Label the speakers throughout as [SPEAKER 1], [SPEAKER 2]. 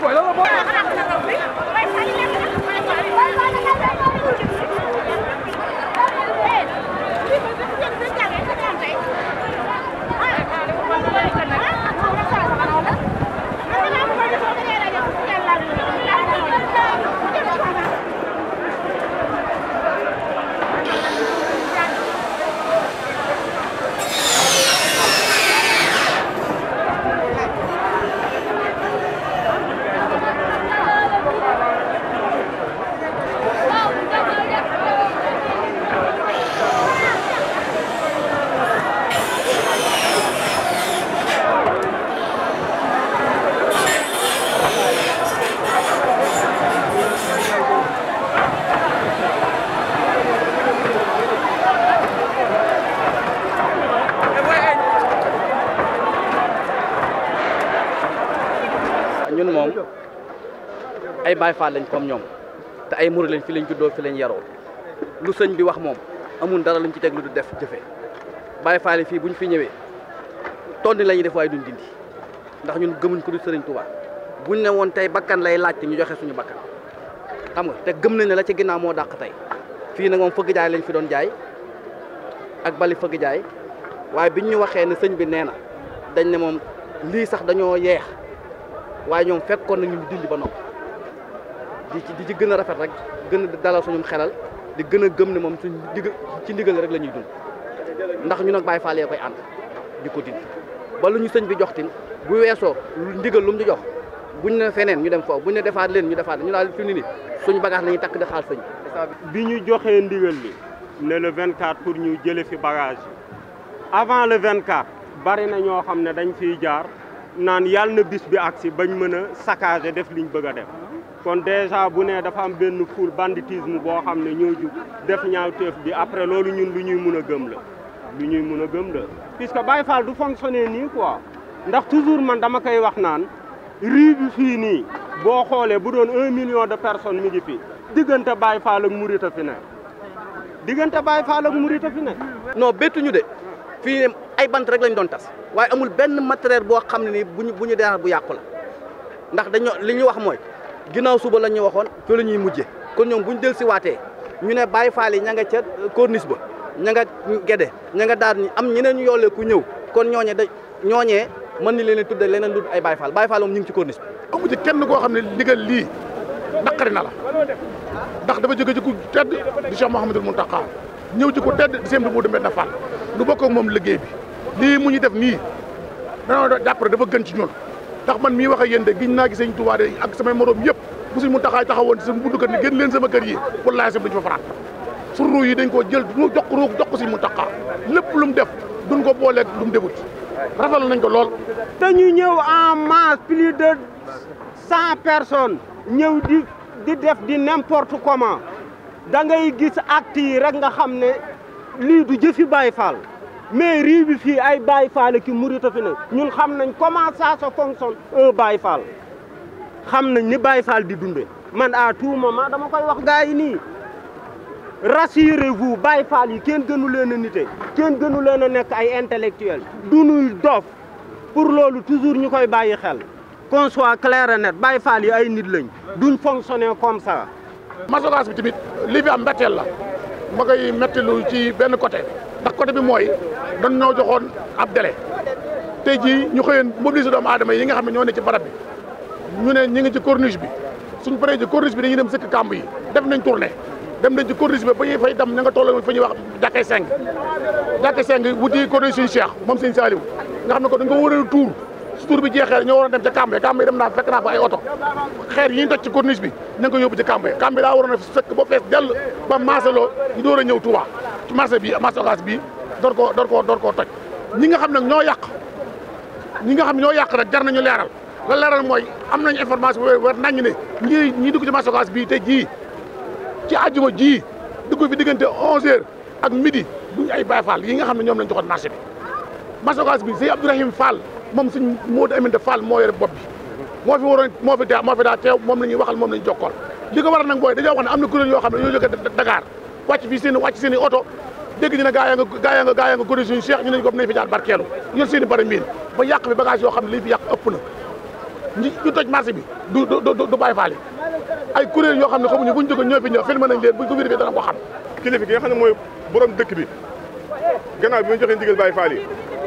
[SPEAKER 1] boy, boy, boy.
[SPEAKER 2] ñun moom ay Baay Faal lañ kom ñoom te ay murid lañ fi lañ juddoo fi lañ yaroo lu sëñ bi wax moom amul dara luñ ci teg lu du def jëfe Baay Faal yi fii buñ fi ñëwee tonni la ñuy def waaye duñ dindi ndax ñun gëmuñ ko du sëriñ Tuubaa buñ ne woon tey bakkan lay laajte ñu joxe suñu bakkan xam nga te gëm nañ la ci ginnaaw moo dàq tey fii nag moom fëgg jaay lañ fi doon jaay ak bali fëgg jaay waaye biñ ñu waxee ne sëñ bi nee na dañ ne moom lii sax dañoo yeex waaye ñoom fekkoon nañu dindi ba noppi di ci di ci gën a rafet rek gën a dalal suñu xelal di gën a gëm ne moom suñu digg ci ndigal rek la ñuy dund ndax ñu nag Baay Faal koy ànd di ko dindi ba ñu sëñ bi jox tin bu weesoo ndigal lu mu ñu jox buñ ne feneen ñu dem foofu bu ñu defaat leen ñu defaat ñu daal fi ni ni suñu bagage la ñuy takk di xaar sëñ bi ñu joxee ndigal li ne le
[SPEAKER 3] 24 pour ñu jële fi bagage yi avant le 24 bari na ñoo xam ne dañ fiy jaar naan yàlla na bis bi si bañ mën a saccager def liñ bëgg a def kon déjà bu ne dafa am benn foule banditisme boo xam ne ñoo jug def ñaawteef bi après loolu ñun lu ñuy mun a gëm la lu ñuy mun a gëm la puisque Baye Fall du fonctionner nii quoi ndax toujours man dama koy wax naan rue bi nii boo xoolee bu doon un million de personnes mi ngi fi diggante Baye Fall ak Mouride a fi ne diggante Baye
[SPEAKER 2] Fall ak Mouride a fi ne non bettuñu de fii ay bant rek lañ doon tas waaye amul benn matériel boo xam ne nii bu ñu bu ñu denaat bu yàqu la ndax dañoo li ñu wax mooy ginnaaw suba la ñu waxoon ci la ñuy mujjee kon ñoom bu ñu del si ñu ne Baye Fall yi ña nga ca corniche ba ña nga gede ña nga daar ñi am ñeneen ñu yoolee ku ñëw kon ñooñe da ñooñee mën ni leen tudde leneen lu ay Baye Fall Baye Fall moom ñu ngi ci corniche bi amu ci kenn koo xam ne ndigal lii
[SPEAKER 1] naqari na la ndax dafa jóge ci ku tedd di Cheikh Mouhamadul Mountakha ñëw ci ku tedd di seen bi mu demee na moom liggéey bi lii mu ñu def nii danoo jàpp dafa gën ci ñun ndax man mii wax ak yéen de giñ naa gi sëñ Tuubaa de ak samay morom yëpp bu suñ mu taxaay taxawoon seen buntu kër ni génn leen sama kër yi wallaahi sam dañu fa faraat su yi dañ koo jël ruu
[SPEAKER 3] jox ruu jox ko suñ mu taxaa lépp lu mu def duñ ko booleeg lu mu defut
[SPEAKER 1] rafetlu nañ ko lool te
[SPEAKER 3] ñu ñëw en masse plus de cent personnes ñëw di di def di n'importe comment da ngay gis acte yi rek nga xam ne lii du jëfi Baay fal mais riz bi fii ay Baye Fall ki murit a fi ne ñun xam nañ comment ça se fonctionne un Baye xam nañ ni Baye Fall di dunde man à tout moment dama koy wax gars yi nii rassurez-vous Baye Fall yi kenn gënu leen a nite kenn gënu leen a nekk ay intellectuel dunuy dof pour loolu toujours ñu koy bàyyi xel qu'on soit clair et net Baye Fall yi ay nit lañ duñ fonctionner comme ça. masokaas bi tamit li am mbetteel la ma koy mettilu
[SPEAKER 1] ci benn côté. ndax côté bi mooy dañ ñoo joxoon ab délai tey jii ñu xëyoon mobiliser doomu aadama yi nga xam ne ñoo ne ci barab bi ñu ne ñu ngi ci corniche bi suñ paree ci corniche bi dañuy dem sëkk kàmb yi def nañ tournée dem nañ ci corniche bi ba ñuy fay dem ña nga tolloo fa ñuy wax jàkkee seng jàkkee seng wuti corniche suñu Cheikh moom sëñ nga xam ne ko dañ ko wëral tuur bi jeexee ñoo waroon dem ca kàmb yi kàmb dem naa fekk naa fa ay oto xeer yi ñu toj ci corniche bi ña nga yóbbu ci kàmb yi kàmb yi daa waroon a fekk ba fees dell ba maasaloo ñu door a ñëw Touba marché bi marché Ocass bi door koo door koo door koo toj ñi nga xam ne ñoo yàq ñi nga xam ñoo yàq nag jar nañu leeral la leeral mooy am nañ information bu wér nañu ne ñii ñi dugg ci marché Ocass bii te jii ci àjjuma jii dugg fi diggante 11h ak midi duñu ay Baye Fall yi nga xam ne ñoom lañ joxoon marché bi. marché Ocass bi sëñ Abdourahim Fall moom suñ Modou Aminta Fall moo yore bopp bi moo fi waroon moo fi daa moo fi daa teew moom la ñuy waxal moom ko waral ne am na wàcc fii seen wàcc seen oto dégg ñi ne gaa yaa nga gaa yaa nga gaa yaa nga corrigé cheikh ñu neñ ko nañ fi jaar barkeelu yor seen i miin ba yàq bi bagage yoo xam ne liñ fi yàq ëpp na ñi ñu toj marché bi du du bàyyi faale ay kuréel yoo xam ne xamuñu buñ jóge ñoo fi ñëw filmé nañ leen buñ ko vérifié dana ko xam kilifa gi nga xam mooy borom dëkk bi gannaaw bi ñu joxee ndigal bàyyi faale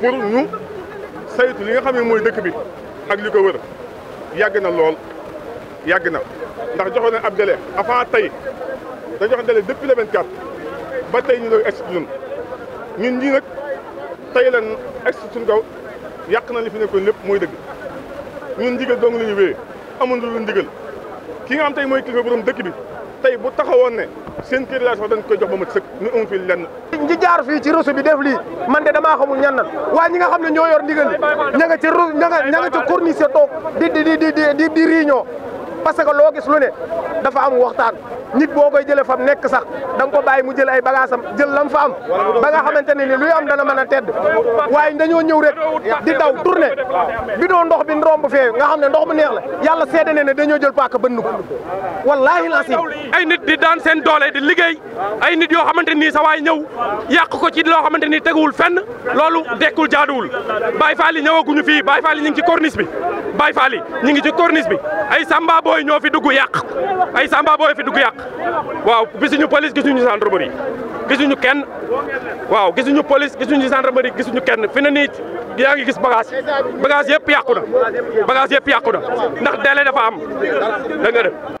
[SPEAKER 1] pour ñu saytu li nga xam ne mooy dëkk bi ak li ko wër yàgg na lool yàgg na ndax joxoon na ab délai avant tey dañoo xam ne depuis le ba tey ñu doon egsi ñun ñun ñii nag tey lan egsi suñu kaw yàq na li fi nekkoon lépp mooy dëgg ñun ndigal dong la ñu wéyee amuñu lu ki nga xam tey
[SPEAKER 3] mooy kilifa borom dëkk bi tey bu taxawoon ne seen kii relation dañ koy jox ba mat sëkk ñu am fii lenn. ñi jaar fii ci réseau bi def lii man de damaa xamul ñan nan waa ñi nga xam ne ñoo yor ndigal ña nga ca ña nga ña nga ca corniche toog di di di di di réunion parce que loo gis lu ne dafa am waxtaan nit boo koy jëlee fam nekk sax da nga ko bàyyi mu jël ay bagaasam jël lam fa am ba nga xamante ne ni luy am dana mën a tedd waaye dañoo ñëw rek di daw tourné bi doo ndox bi romb fee nga xam ne ndox mu neex la yàlla seede ne ne dañoo jël paaka bënn ko wallaahi
[SPEAKER 2] lancim ay nit di daan seen doole di liggéey ay nit yoo xamante nii sa waay ñëw yàq ko ci loo xamante nii teguwul fenn loolu dekkul jaaduwul Baye Fall yi ñëwaguñu fii Baye Fall yi ci corniche bi Baye Fall yi ñu ngi ci corniche bi ay Samba booy ñoo fi duggu yàq ay Samba booy fi dugg yàq waaw gisuñu police gisuñu gendarmerie gisuñu kenn waaw gisuñu police gisuñu gendarmerie gisuñu kenn fi na nii yaa ngi gis bagage bagage yëpp yàqu na bagage yëpp yàqu na ndax délai dafa am da nga def